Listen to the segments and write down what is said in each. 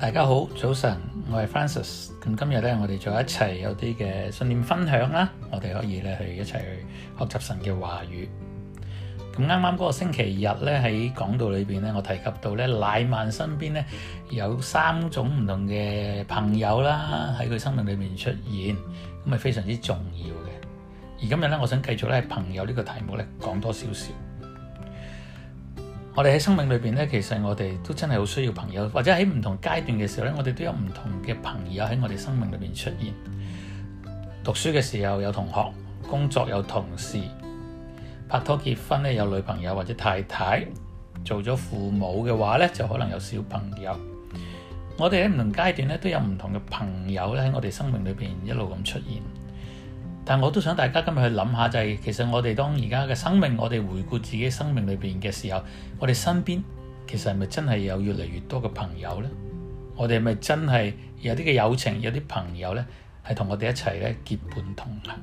大家好，早晨，我係 Francis，咁今日咧，我哋做一齊有啲嘅信念分享啦，我哋可以咧去一齊去學習神嘅話語。咁啱啱嗰個星期日咧喺講道裏邊咧，我提及到咧，乃曼身邊咧有三種唔同嘅朋友啦，喺佢生命裏面出現，咁係非常之重要嘅。而今日咧，我想繼續咧，朋友呢個題目咧，講多少少。我哋喺生命裏面咧，其實我哋都真係好需要朋友，或者喺唔同階段嘅時候咧，我哋都有唔同嘅朋友喺我哋生命裏面出現。讀書嘅時候有同學，工作有同事，拍拖結婚咧有女朋友或者太太，做咗父母嘅話咧就可能有小朋友。我哋喺唔同階段咧都有唔同嘅朋友咧喺我哋生命裏面一路咁出現。但我都想大家今日去諗下、就是，就係其實我哋當而家嘅生命，我哋回顧自己生命裏邊嘅時候，我哋身邊其實係咪真係有越嚟越多嘅朋友咧？我哋係咪真係有啲嘅友情，有啲朋友咧係同我哋一齊咧結伴同行。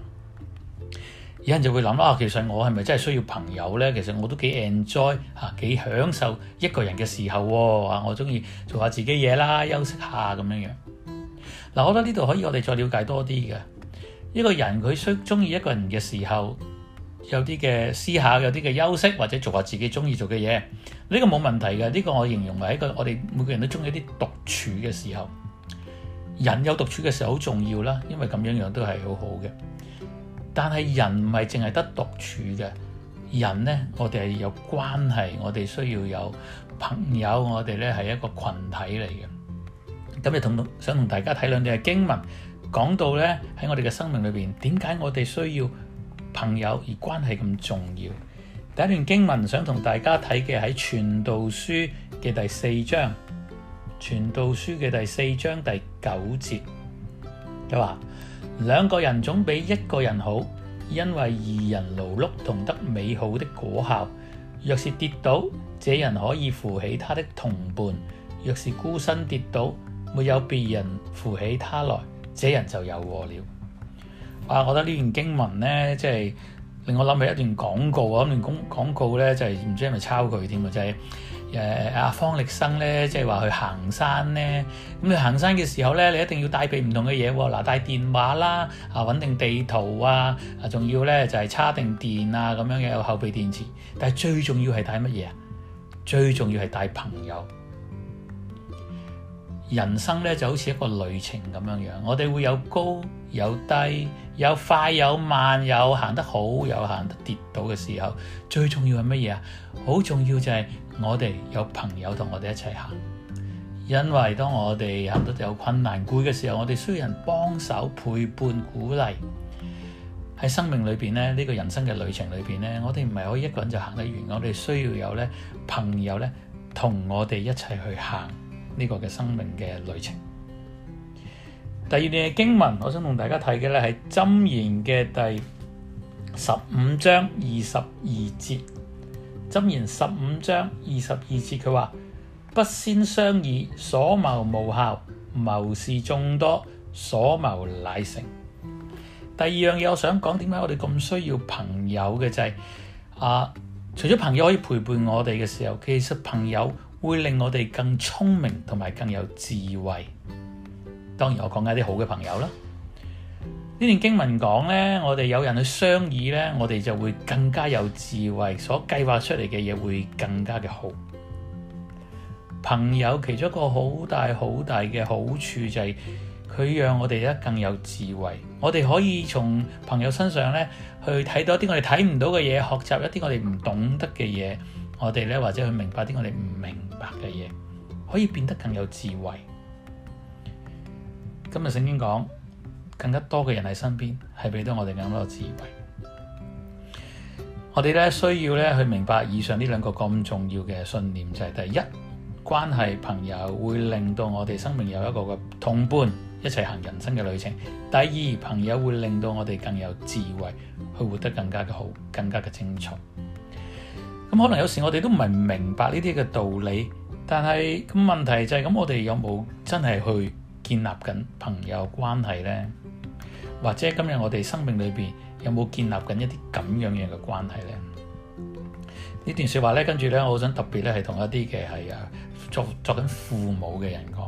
有人就會諗啊，其實我係咪真係需要朋友咧？其實我都幾 enjoy 吓，幾、啊、享受一個人嘅時候、哦，啊，我中意做下自己嘢啦，休息下咁樣樣。嗱、啊，我覺得呢度可以我哋再了解多啲嘅。一個人佢鍾鍾意一個人嘅時候，有啲嘅思考，有啲嘅休息，或者做下自己鍾意做嘅嘢，呢、這個冇問題嘅。呢、這個我形容為一個我哋每個人都鍾意啲獨處嘅時候。人有獨處嘅時候好重要啦，因為咁樣樣都係好好嘅。但係人唔係淨係得獨處嘅，人咧我哋係有關係，我哋需要有朋友，我哋咧係一個群體嚟嘅。咁你同想同大家睇兩段經文。講到咧喺我哋嘅生命裏邊，點解我哋需要朋友而關係咁重要？第一段經文想同大家睇嘅係《傳道書》嘅第四章，《傳道書》嘅第四章第九節，佢話兩個人總比一個人好，因為二人勞碌同得美好的果效。若是跌倒，這人可以扶起他的同伴；若是孤身跌倒，沒有別人扶起他來。這人就有禍了。啊，我覺得呢段經文咧，即係令我諗起一段廣告啊，一段公廣告咧，就係、是、唔知係咪抄佢添啊，就係誒阿方力生咧，即係話去行山咧。咁、嗯、你行山嘅時候咧，你一定要帶備唔同嘅嘢喎。嗱，帶電話啦，啊穩定地圖啊，啊仲要咧就係、是、叉定電啊咁樣嘅有後備電池。但係最重要係帶乜嘢啊？最重要係帶朋友。人生咧就好似一個旅程咁樣樣，我哋會有高有低，有快有慢，有行得好，有行得跌倒嘅時候，最重要係乜嘢啊？好重要就係我哋有朋友同我哋一齊行，因為當我哋行得有困難攰嘅時候，我哋需要人幫手陪伴鼓勵。喺生命裏邊咧，呢個人生嘅旅程裏邊咧，我哋唔係可以一個人就行得完，我哋需要有咧朋友咧同我哋一齊去行。呢個嘅生命嘅旅程。第二段嘅經文，我想同大家睇嘅咧係《箴言》嘅第十五章二十二節，《箴言》十五章二十二節，佢話不先商議，所謀無效，謀士眾多，所謀乃成。第二樣嘢，我想講點解我哋咁需要朋友嘅就係、是、啊，除咗朋友可以陪伴我哋嘅時候，其實朋友。會令我哋更聰明同埋更有智慧。當然，我講緊啲好嘅朋友啦。呢段經文講呢，我哋有人去商議呢，我哋就會更加有智慧，所計劃出嚟嘅嘢會更加嘅好。朋友其中一個好大好大嘅好處就係，佢讓我哋咧更有智慧。我哋可以從朋友身上呢去睇到一啲我哋睇唔到嘅嘢，學習一啲我哋唔懂得嘅嘢。我哋咧，或者去明白啲我哋唔明白嘅嘢，可以變得更有智慧。今日聖經講，更加多嘅人喺身邊，係俾到我哋更多嘅智慧。我哋咧需要咧去明白以上呢兩個咁重要嘅信念，就係第一，關係朋友會令到我哋生命有一個嘅同伴，一齊行人生嘅旅程；第二，朋友會令到我哋更有智慧，去活得更加嘅好，更加嘅精彩。咁可能有時我哋都唔係明白呢啲嘅道理，但係咁問題就係咁，我哋有冇真係去建立緊朋友關係呢？或者今日我哋生命裏邊有冇建立緊一啲咁樣樣嘅關係呢？段說呢段說話咧，跟住咧，我好想特別咧，係同一啲嘅係啊，作作緊父母嘅人講。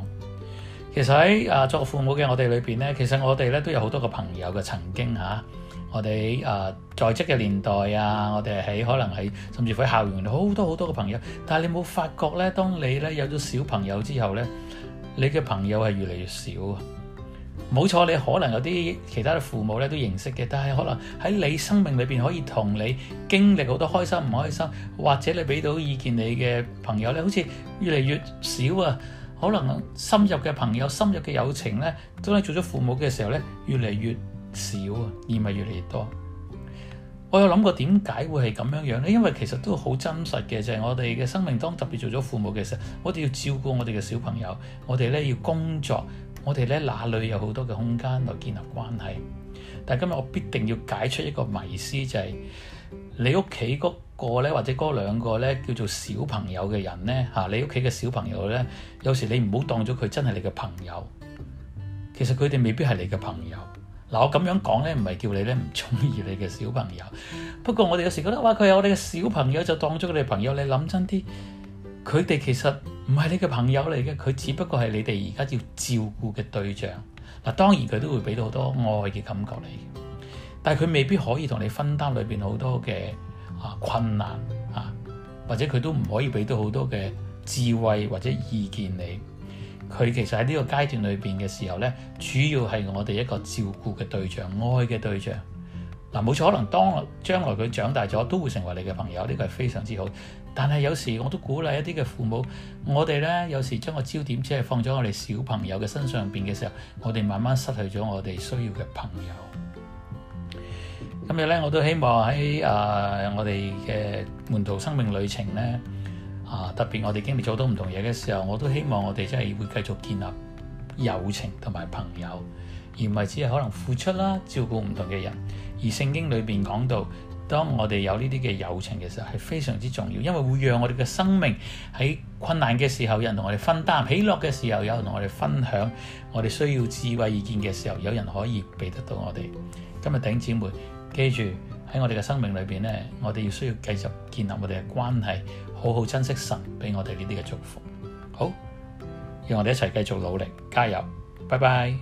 其實喺啊作父母嘅我哋裏邊咧，其實我哋咧都有好多個朋友嘅曾經嚇。啊我哋誒，在職嘅年代啊，我哋喺可能喺甚至乎喺校園好多好多嘅朋友，但係你冇發覺咧？當你咧有咗小朋友之後咧，你嘅朋友係越嚟越少啊！冇錯，你可能有啲其他嘅父母咧都認識嘅，但係可能喺你生命裏邊可以同你經歷好多開心唔開心，或者你俾到意見你嘅朋友咧，好似越嚟越少啊！可能深入嘅朋友，深入嘅友情咧，當你做咗父母嘅時候咧，越嚟越～少啊，而咪越嚟越多。我有諗過點解會係咁樣樣咧？因為其實都好真實嘅，就係、是、我哋嘅生命當特別做咗父母嘅時候，我哋要照顧我哋嘅小朋友，我哋咧要工作，我哋咧哪裏有好多嘅空間來建立關係？但係今日我必定要解出一個迷思，就係、是、你屋企嗰個咧或者嗰兩個咧叫做小朋友嘅人咧吓、啊，你屋企嘅小朋友咧，有時你唔好當咗佢真係你嘅朋友，其實佢哋未必係你嘅朋友。嗱，我咁樣講咧，唔係叫你咧唔中意你嘅小朋友。不過我哋有時覺得話佢係我哋嘅小朋友，就當咗佢哋朋友。你諗真啲，佢哋其實唔係你嘅朋友嚟嘅，佢只不過係你哋而家要照顧嘅對象。嗱，當然佢都會俾到好多愛嘅感覺你，但係佢未必可以同你分擔裏邊好多嘅啊困難啊，或者佢都唔可以俾到好多嘅智慧或者意見你。佢其實喺呢個階段裏邊嘅時候呢，主要係我哋一個照顧嘅對象、愛嘅對象。嗱，冇錯，可能當將來佢長大咗，都會成為你嘅朋友，呢、這個係非常之好。但係有時我都鼓勵一啲嘅父母，我哋呢，有時將個焦點只係放咗我哋小朋友嘅身上邊嘅時候，我哋慢慢失去咗我哋需要嘅朋友。今日呢，我都希望喺誒、呃、我哋嘅門徒生命旅程呢。啊！特別我哋經歷咗好多唔同嘢嘅時候，我都希望我哋真係會繼續建立友情同埋朋友，而唔係只係可能付出啦，照顧唔同嘅人。而聖經裏邊講到，當我哋有呢啲嘅友情嘅時候，係非常之重要，因為會讓我哋嘅生命喺困難嘅時候有人同我哋分擔，喜樂嘅時候有人同我哋分享，我哋需要智慧意見嘅時候有人可以俾得到我哋。今日頂姊妹，記住。喺我哋嘅生命裏面，呢我哋要需要繼續建立我哋嘅關係，好好珍惜神俾我哋呢啲嘅祝福。好，讓我哋一齊繼續努力，加油！拜拜。